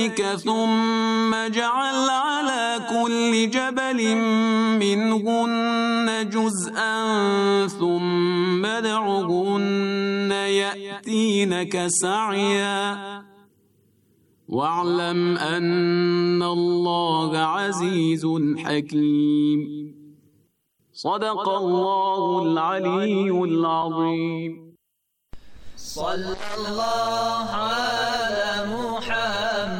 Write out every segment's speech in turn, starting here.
إليك ثم جعل على كل جبل منهن جزءا ثم ادعهن يأتينك سعيا واعلم أن الله عزيز حكيم صدق الله العلي العظيم صلى الله على محمد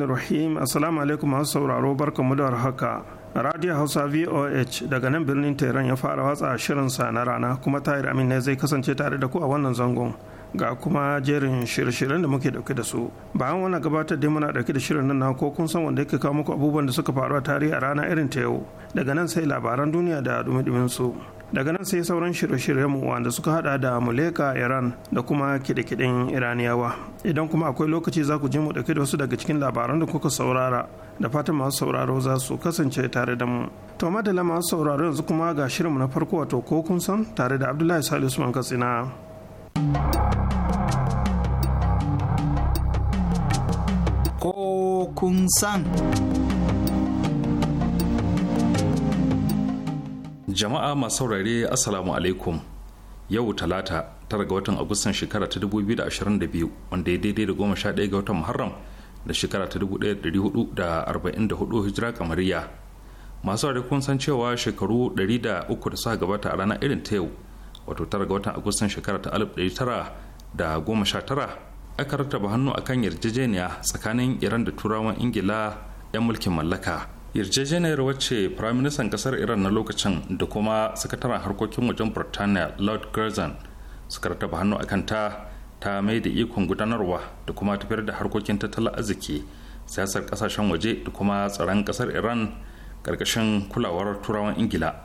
rahmanir rahim assalamu alaikum masu sauraro mu da haka radio hausa voh daga nan birnin tehran ya fara watsa shirin sa na rana kuma tahir amin ne zai kasance tare da ku a wannan zangon ga kuma jerin shirye-shiryen da muke dauke da su bayan wannan gabatar da muna dauke da shirin nan na ko kun san wanda yake kawo muku abubuwan da suka faru a tarihi a rana irin ta yau daga nan sai labaran duniya da dumi-dumin su daga nan sai sauran shirye-shiryenmu wanda suka hada da muleka iran da kuma kide-kiden iraniyawa idan kuma akwai lokaci za ku ji mu dauke da wasu daga cikin labaran da kuka saurara da fatan masu sauraro za su kasance tare da mu to madalla masu sauraro yanzu kuma ga shirinmu na farko wato ko kun san tare da abdullahi salisu katsina ko kun san jama'a masu saurare assalamu alaikum yau talata tara ga watan agustan shekara ta 2022 wanda ya daidai da goma sha ɗaya ga watan muharram da shekara ta 1444 hijira kamariya masu saurare kun san cewa shekaru 300 da suka gabata a rana irin ta yau wato tara ga watan agustan shekara ta 1919 aka rataba hannu akan yarjejeniya tsakanin iran da turawan ingila 'yan mulkin mallaka yarjejeniyar wacce firaministan kasar iran na lokacin da kuma sakataren harkokin wajen burtaniya lord Curzon suka rataba hannu a kanta ta mai da ikon gudanarwa da kuma tafiyar da harkokin tattalin arziki siyasar kasashen waje da kuma tsaron kasar iran karkashin kulawar turawan ingila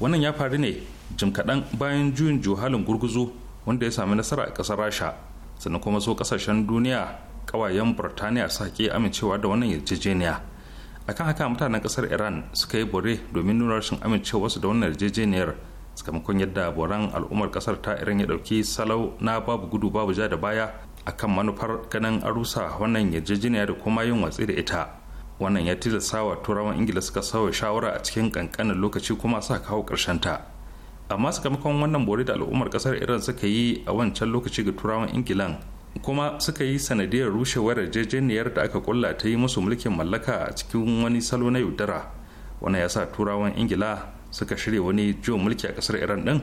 wannan ya faru ne jim kaɗan bayan juyin juhalin gurguzu wanda ya sami nasara a ƙasar rasha sannan kuma so kasashen duniya ƙawayen burtaniya sake amincewa da wannan yarjejeniya akan haka mutanen kasar iran suka yi bore domin nuna rashin amincewarsu da wannan yarjejeniyar sakamakon yadda boran al'ummar kasar ta iran ya dauki salau na babu gudu babu ja da baya akan manufar ganin arusa wannan yarjejeniya da kuma yin watsi da ita wannan ya tilasta wa turawan ingila suka sauya shawara a cikin kankanin lokaci kuma sa kawo karshen ta amma sakamakon wannan bore da al'ummar kasar iran suka yi a wancan lokaci ga turawan ingilan kuma suka yi sanadiyar rushewar yarjejeniyar da aka kulla ta yi musu mulkin mallaka a cikin wani salo na yaudara wani ya sa turawan ingila suka shirya wani jiwo mulki a kasar iran din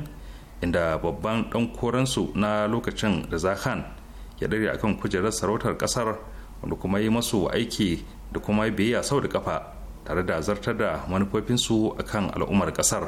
inda babban dan koransu na lokacin da khan ya dare akan kujerar sarautar kasar wanda kuma yi masu aiki da kuma biyayya sau da kafa tare da zartar da manufofinsu akan al'ummar kasar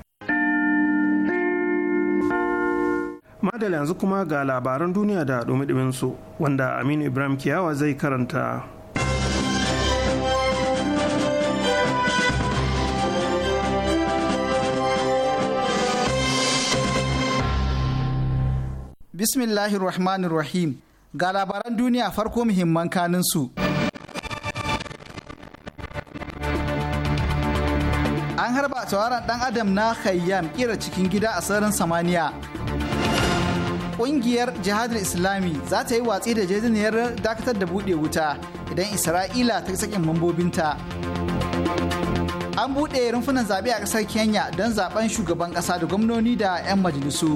Madal yanzu kuma ga labaran duniya da dumi su wanda aminu ibrahim kiyawa zai karanta bismillahirrahmanirrahim ga labaran duniya farko muhimman kaninsu an harba tauraron dan adam na khayyam kira cikin gida a sararin samaniya ƙungiyar jihadin islami za ta yi watsi da jajiniyar dakatar da buɗe wuta idan isra'ila ta sakin mambobinta an buɗe rumfunan zaɓe a ƙasar kenya don zaɓen shugaban ƙasa da gwamnoni da 'yan majalisu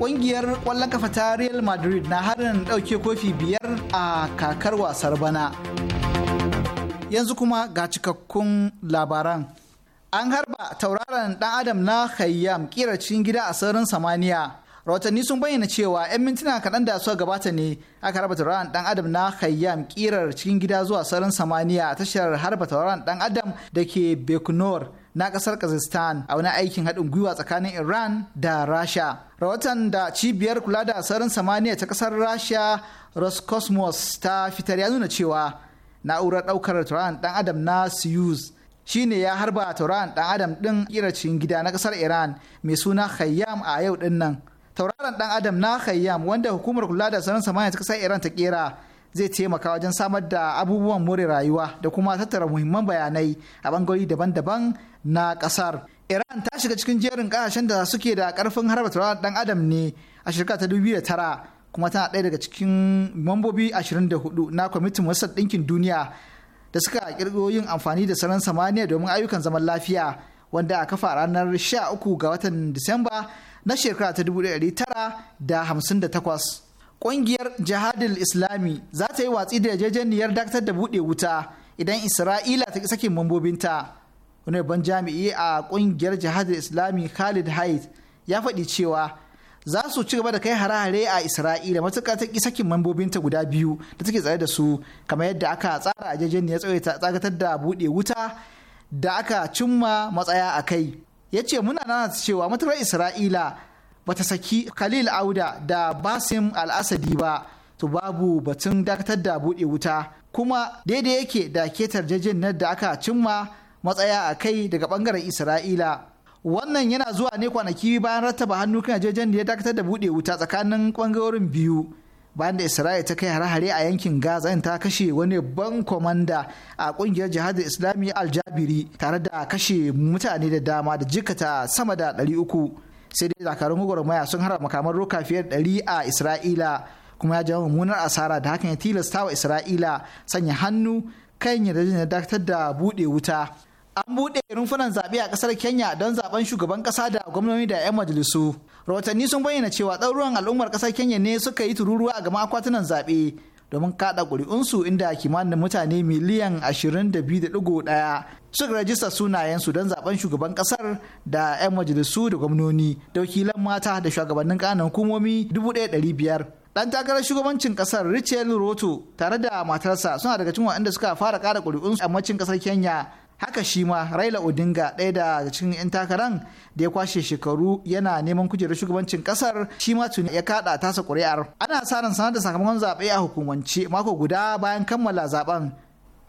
ƙungiyar ƙwallon kafa ta real madrid na harin ɗauke kofi biyar a kakar wasar bana yanzu kuma ga cikakkun labaran an harba tauraron dan adam na khayyam kira cikin gida a sauran samaniya rahotanni sun bayyana cewa 'yan mintuna kaɗan da suka gabata ne aka raba tauraron dan adam na khayyam kirar cikin gida zuwa sararin samaniya a tashar harba tauraron dan adam da ke bekunor na ƙasar kazakhstan a wani aikin haɗin gwiwa tsakanin iran da rasha rahoton da cibiyar kula da sauran samaniya ta ƙasar rasha roscosmos ta fitar ya nuna cewa na'urar ɗaukar tauraron dan adam na soyuz shine ya harba tauraron dan adam ɗin cikin gida na ƙasar iran mai suna khayyam a yau ɗin nan tauraron dan adam na khayyam wanda hukumar kula da sauran samaniya ta kasar iran ta kera zai taimaka wajen samar da abubuwan more rayuwa da kuma tattara muhimman bayanai a bangarori daban-daban na kasar iran ta shiga cikin jerin kasashen da suke da karfin harba tauraron dan adam ne a shirka ta 2009 kuma tana ɗaya daga cikin mambobi 24 na kwamitin wasan ɗinkin duniya da suka kirgo yin amfani da sauran samaniya domin ayyukan zaman lafiya wanda a kafa ranar 13 ga watan disamba na shekara ta 1958 ƙungiyar jihadil islami za ta yi watsi da yarjejeniyar dakatar da buɗe wuta idan isra'ila ta sake mambobinta wani ban jami'i a ƙungiyar jihadil islami khalid haid ya faɗi cewa za su ci gaba da kai hare-hare a isra'ila matuƙa ta sakin mambobinta guda biyu da take tsare da su kamar yadda aka tsara a yarjejeniyar tsagatar da buɗe wuta da aka cimma matsaya a kai ya ce muna nanata cewa matuƙar isra'ila ba ta saki khalil auda da basim al'asadi ba to babu batun dakatar da buɗe wuta kuma daidai yake da ketar jajin da aka cimma matsaya a kai daga bangaren isra'ila wannan yana zuwa ne kwanaki bayan rattaba hannu kan jajen da ya dakatar da buɗe wuta tsakanin bangarorin biyu bayan da isra'ila ta kai hare-hare a yankin gaza ta kashe wani ban kwamanda a kungiyar jihadin islami aljabiri tare da kashe mutane da dama da jikata sama da 300 sai dai dakarun gwagwarmaya sun hara makaman roka fiye da 100 a isra'ila kuma ya jawo mummunar asara da hakan ya tilasta wa isra'ila sanya hannu kan yarjejeniyar dakatar da buɗe wuta an buɗe rumfunan zaɓe a ƙasar kenya don zaɓen shugaban ƙasa da gwamnoni da 'yan majalisu rahotanni sun bayyana cewa ɗaruruwan al'ummar ƙasar kenya ne suka yi tururuwa a gama akwatunan zaɓe domin kaɗa ƙuri'unsu inda kimanin mutane miliyan 22.1 suka rajista sunayensu don zaɓen shugaban ƙasar da 'yan majalisu da gwamnoni da wakilan mata da shugabannin ƙananan hukumomi 1,500 dan takarar shugabancin kasar Richel Roto tare da matarsa suna daga cikin waɗanda suka fara kara ƙuri'unsu a macin kasar Kenya haka shi ma raila odinga ɗaya daga cikin 'yan takaran da ya kwashe shekaru yana neman kujerar shugabancin kasar shi ma tuni ya kada tasa ƙuri'ar ana sa sanar da sakamakon zaɓe a hukumance mako guda bayan kammala zaben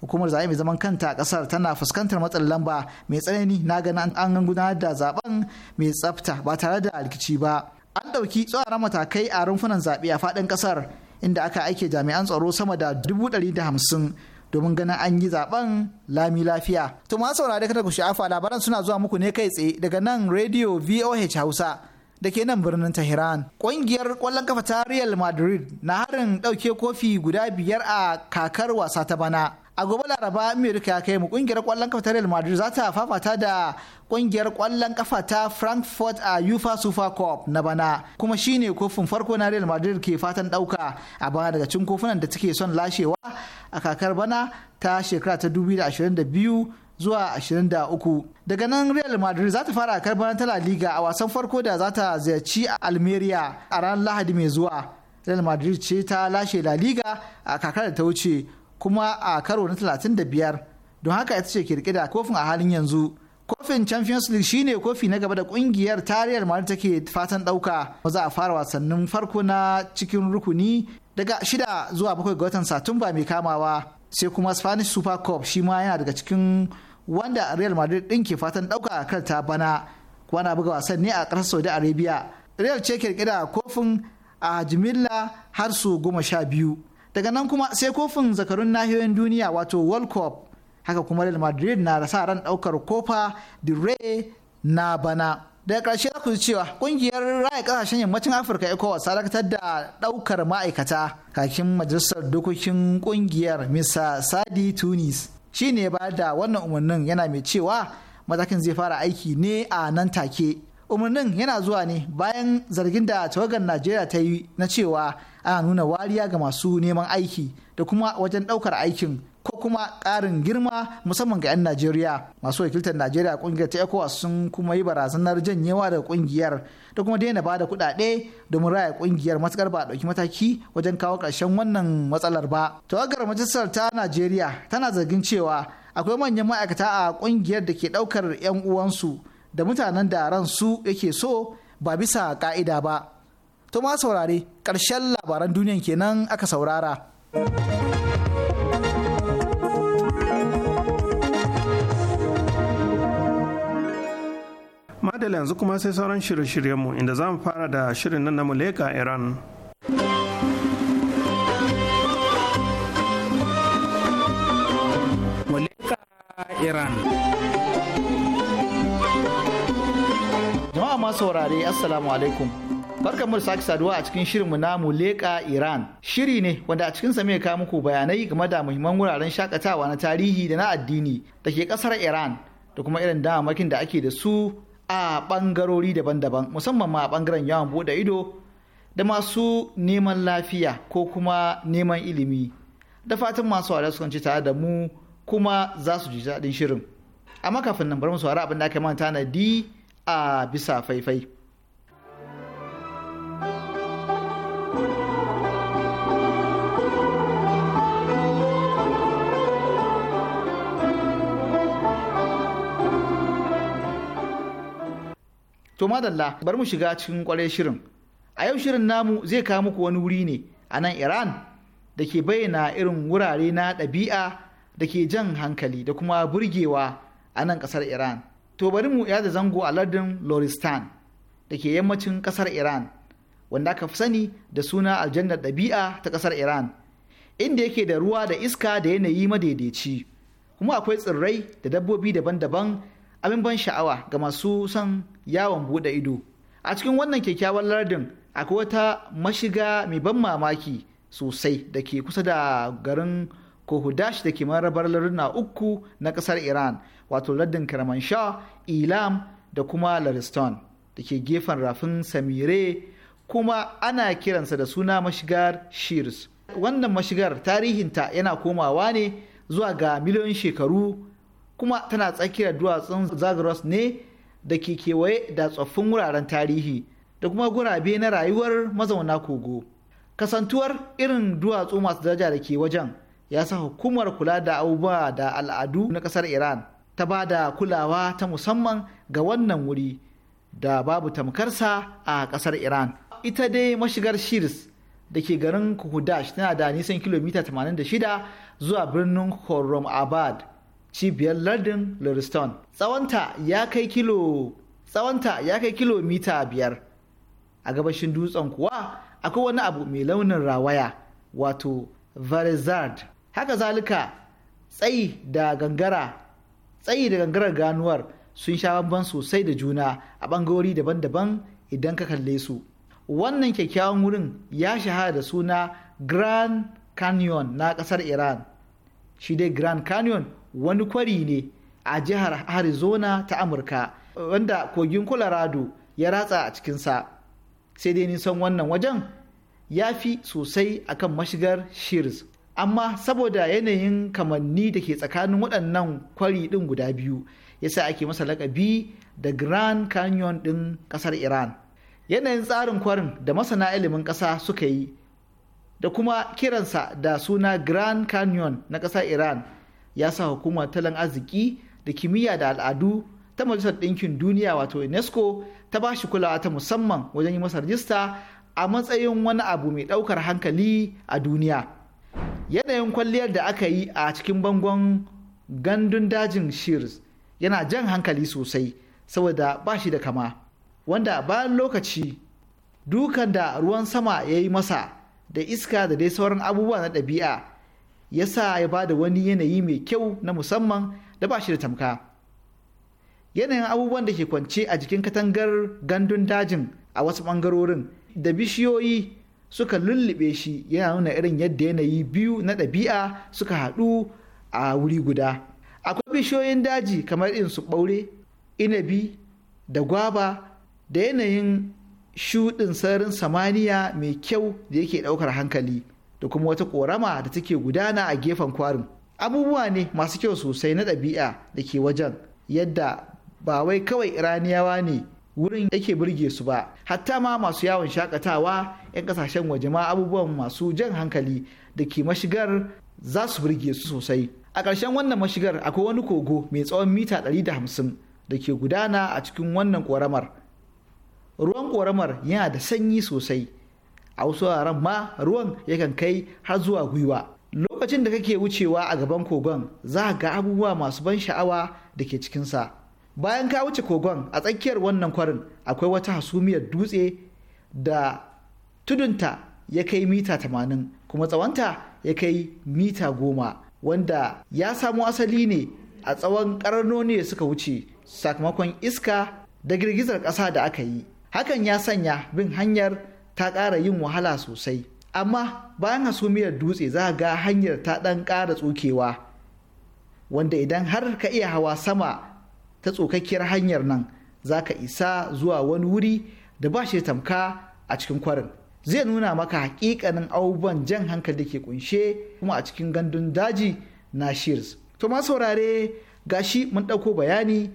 hukumar zaɓe mai zaman kanta a ƙasar tana fuskantar matsalar lamba mai tsanani na ganin an gudanar da zaben mai tsafta ba tare da rikici ba an ɗauki tsoron matakai a rumfunan zaɓe a faɗin ƙasar inda aka aike jami'an tsaro sama da dubu ɗari da hamsin domin ganin an yi zaben lami lafiya. To ma saurare kada ku sha'afa labaran suna zuwa muku ne kai tsaye daga nan Radio VOH Hausa da ke nan birnin Tehran. Ƙungiyar ƙwallon kafa ta Real Madrid na harin ɗauke kofi guda biyar a kakar wasa ta bana. a gobe laraba america ya kai mu kungiyar kwallon kafa ta real madrid za ta fafata da kungiyar kwallon kafa ta frankfurt a ufa super cup na bana kuma shine kofin farko na real madrid ke fatan dauka a bana daga cin kofunan da take son lashewa a kakar bana ta shekara ta 2022 zuwa 23 daga nan real madrid za ta fara karbar ta la liga a wasan farko da za ta ziyarci almeria a ranar lahadi mai zuwa real madrid ce ta lashe la liga a kakar da ta wuce kuma a karo na talatin da biyar don haka ita ce kirkida kofin a halin yanzu kofin champions league shine kofi na gaba da kungiyar tarihar ma take fatan dauka za a fara wasannin farko na cikin rukuni daga shida zuwa bakwai ga watan satumba mai kamawa sai kuma spanish super cup shi ma yana daga cikin wanda real madrid din ke fatan dauka kar ta bana kuma na buga wasan ne a ƙasar saudi arabia real ce kirkira kofin a jimilla har su goma sha biyu daga nan kuma sai kofin zakarun nahiyoyin duniya wato world cup haka kuma real madrid na da sa ran daukar kofa the ray na bana daga ƙarshe za ku ji cewa ƙungiyar raya ƙasashen yammacin afirka ecowas ta dakatar da ɗaukar ma'aikata kakin majalisar dokokin ƙungiyar misa sadi tunis shine ba da wannan umarnin yana mai cewa matakin zai fara aiki ne a nan take umarnin yana zuwa ne bayan zargin da tawagar najeriya ta yi na cewa ana nuna wariya ga masu neman aiki da kuma wajen ɗaukar aikin ko kuma ƙarin girma musamman ga 'yan najeriya masu wakiltar najeriya kungiyar ta ecowas sun kuma yi barazanar janyewa daga ƙungiyar da kuma daina ba da kuɗaɗe domin raya ƙungiyar matuƙar ba a ɗauki mataki wajen kawo karshen wannan matsalar ba tawagar majalisar ta najeriya tana zargin cewa akwai manyan ma'aikata a ƙungiyar da ke ɗaukar 'yan uwansu da mutanen da ran su yake so ba bisa ka'ida ba. To ma saurare ƙarshen labaran duniyan kenan aka saurara. Madala yanzu kuma sai sauran shirye-shiryenmu inda za mu fara da shirin nan na Muleka Iran. Muleka Iran. saurare assalamu alaikum barkan mu sake saduwa a cikin shirinmu na mu muleka iran shiri ne wanda a cikin mai kawo muku bayanai game da muhimman wuraren shakatawa na tarihi da na addini da ke kasar iran da kuma irin damamakin da ake da su a bangarori daban-daban musamman ma a bangaren yawon bude ido da masu neman lafiya ko kuma neman ilimi da fatan masu wada sukan ci tare da mu kuma za su ji daɗin shirin amma kafin nan bari mu saurari abin da aka manta na di a bisa faifai. To madalla bar mu shiga cikin kwarai shirin. A yau shirin namu zai kawo muku wani wuri ne a nan Iran da ke bayyana irin wurare na ɗabi'a da ke jan hankali da kuma burgewa a nan ƙasar Iran. to bari mu yada zango a lardin loristan da ke yammacin kasar iran wanda aka fi sani da suna aljannar ɗabi'a ta kasar iran inda yake da ruwa da iska da yanayi madaidaici kuma akwai tsirrai da dabbobi daban-daban abin ban sha'awa ga masu son yawon buɗe ido a cikin wannan kyakkyawan lardin akwai wata mashiga mai ban mamaki sosai da ke kusa da garin kohudash da ke marabar larduna uku na kasar iran wato lardin karamansha Ilam da kuma Lariston da ke gefen rafin Samire kuma ana kiransa da suna mashigar Shears. Wannan mashigar tarihinta yana komawa ne zuwa ga miliyoyin shekaru kuma tana tsakiyar duwatsun Zagros ne da ke kewaye da tsoffin wuraren tarihi da kuma gurabe na rayuwar mazauna kogo. Kasantuwar irin duwatsu masu daraja da ke wajen ya sa hukumar kula da abubuwa da al'adu na kasar Iran ta ba da kulawa ta musamman ga wannan wuri da babu tamkarsa a ƙasar iran ita dai mashigar shirs da ke garin kuhudash tana da nisan kilomita 86 zuwa birnin horom abad cibiyar lardin lariston tsawonta ya kai kilomita biyar a gabashin dutsen kuwa akwai wani abu mai launin rawaya wato verizard haka zalika tsayi da gangara tsayi da gangarar ganuwar sun sha bamban sosai da juna a ɓangarori daban-daban idan ka kalle su wannan kyakkyawan wurin ya shahara da suna grand canyon na ƙasar iran shi dai grand canyon wani kwari ne a jihar arizona ta amurka wanda kogin colorado ya ratsa a cikinsa sai dai nisan wannan wajen ya fi sosai akan mashigar shears amma saboda yanayin kamanni da ke tsakanin waɗannan kwari ɗin guda biyu yasa ake masa lakabi da grand canyon ɗin ƙasar iran yanayin tsarin kwarin da masana ilimin ƙasa suka yi da kuma kiransa da suna grand canyon na ƙasar iran ya sa hukumar talan arziki da kimiyya da al'adu ta majalisar ɗinkin duniya wato unesco ta ba shi kulawa ta musamman wajen yi masa rajista a matsayin wani abu mai ɗaukar hankali a duniya. yanayin kwalliyar da aka yi a cikin bangon gandun dajin shears yana jan hankali sosai saboda ba shi da kama wanda bayan lokaci dukan da ruwan sama ya yi masa da iska da dai sauran abubuwa na ɗabi'a ya sa ya ba da wani yanayi mai kyau na musamman da ba shi da tamka yanayin abubuwan da ke kwance a jikin katangar gandun dajin a wasu ɓangarorin da bishiyoyi suka lullube shi yana nuna irin yadda yanayi biyu na ɗabi'a suka haɗu a wuri guda akwai bishiyoyin daji kamar in su ɓaure inabi da gwaba da yanayin shuɗin sararin samaniya mai kyau da yake ɗaukar hankali da kuma wata ƙorama da take gudana a gefen kwarin abubuwa ne masu kyau sosai na ɗabi'a da ke wajen yadda ba wai kawai iraniyawa ne wurin yake burge su ba hatta ma masu yawon shakatawa 'yan kasashen waje ma abubuwan masu jan hankali da ke mashigar za su burge su sosai a ƙarshen wannan mashigar akwai wani kogo mai tsawon mita 150 da ke gudana a cikin wannan ƙoramar ruwan ƙoramar yana da sanyi sosai a wasu wuraren ma ruwan yakan kai har zuwa gwiwa lokacin da kake wucewa a gaban kogon za ga abubuwa masu ban sha'awa da ke cikinsa bayan ka wuce kogon a tsakiyar wannan kwarin akwai wata hasumiyar dutse da tudunta ya kai mita tamanin kuma tsawonta ya kai mita goma wanda ya samo asali ne a tsawon ƙarnoni da suka wuce sakamakon iska da girgizar ƙasa da aka yi hakan ya sanya bin hanyar ta ƙara yin wahala sosai amma bayan hasumiyar dutse za ga hanyar ta ɗan ƙara tsukewa wanda idan har ka iya hawa sama ta tsokakkiyar hanyar nan za ka isa zuwa wani wuri da ba shi tamka a cikin kwarin zai nuna maka hakikanin abubuwan jan hankali da ke kunshe kuma a cikin gandun daji na shears to ma saurare gashi mun ɗauko bayani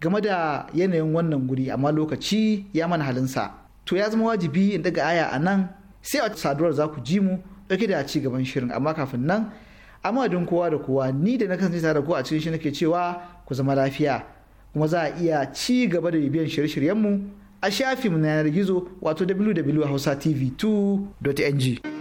game da yanayin wannan guri amma lokaci ya mana halinsa to ya zama wajibi in daga aya a nan sai a saduwar za ku ji mu ɗauke da ci gaban shirin amma kafin nan amma don kowa da kowa ni da na kasance tare da ku a cikin shi nake cewa ku zama lafiya kuma za a iya ci gaba da bibiyan shirye-shiryenmu a shafinmu na yanar gizo wato www.hausatv2.ng.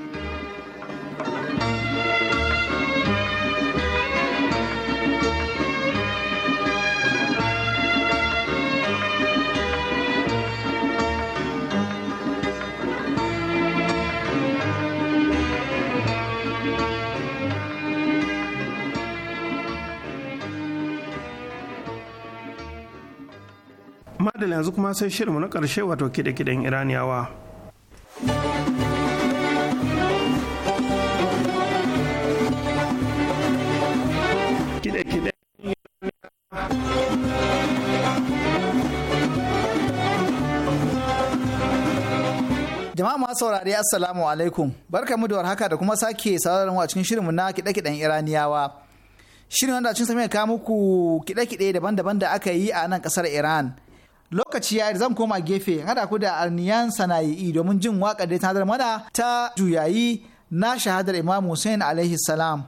yanzu kuma sai shirinmu na ƙarshe wato kiɗe-kiɗen iraniyawa Jama'a masu saurari Assalamu alaikum. Barkamu da warhaka da kuma sake sauraron mu a cikin shirinmu na kiɗe-kiɗen Iraniyawa. Shirin wanda cin sami kawo muku kiɗe-kiɗe daban-daban da aka yi a nan kasar Iran lokaci ya zan koma gefe in ku da arniyan sana'i'i domin jin waƙar da ta mana ta juyayi na shahadar imam hussein alaihi salam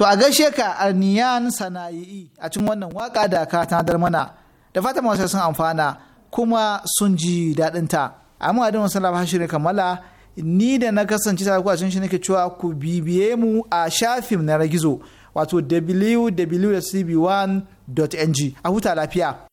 To a gaishe ka Arniyan Sana'i'i a cikin wannan waka da ka tanadar mana da fatan masu sun amfana kuma sun ji daɗin ta. Amma da wasu labar shirin kammala ni da na kasance ta kuwa sun shi nake cewa ku bibiye mu a shafin na gizo wato www.cb1.ng a huta lafiya.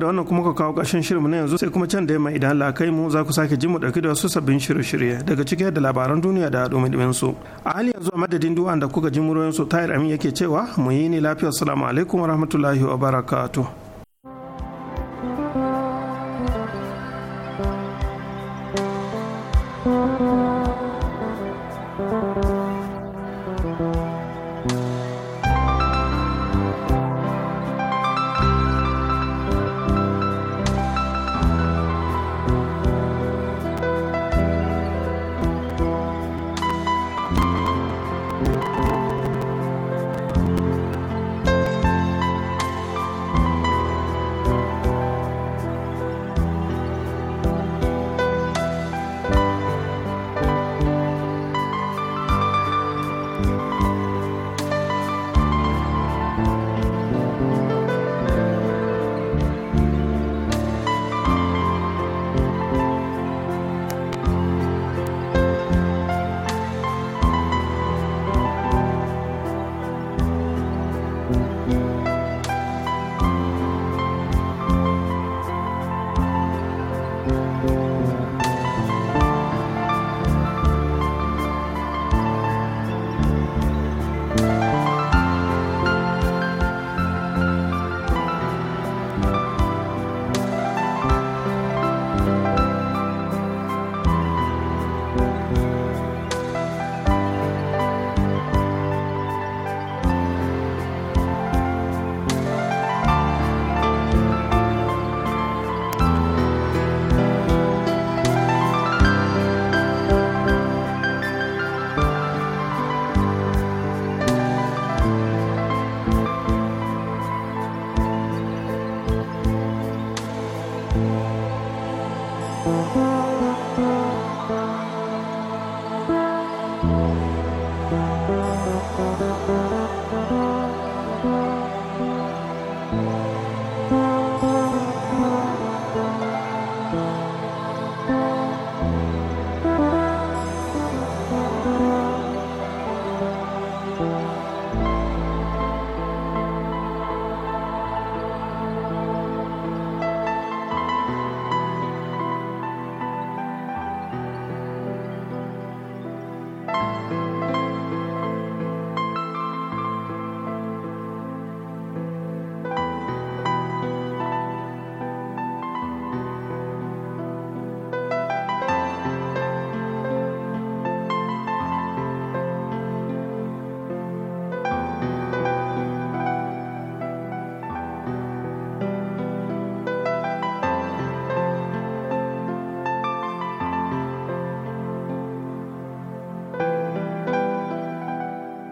da wannan kuma ka kawo ƙarshen shirinmu na yanzu sai kuma can da yamma idan Allah kai mu za ku sake jin mu dauki da wasu sabbin shirye-shirye daga cike da labaran duniya da domin su. A hali yanzu a madadin duwan da kuka ji muryoyin su tayar amin yake cewa mu yi ni lafiya assalamu alaikum wa barakatu. Thank you.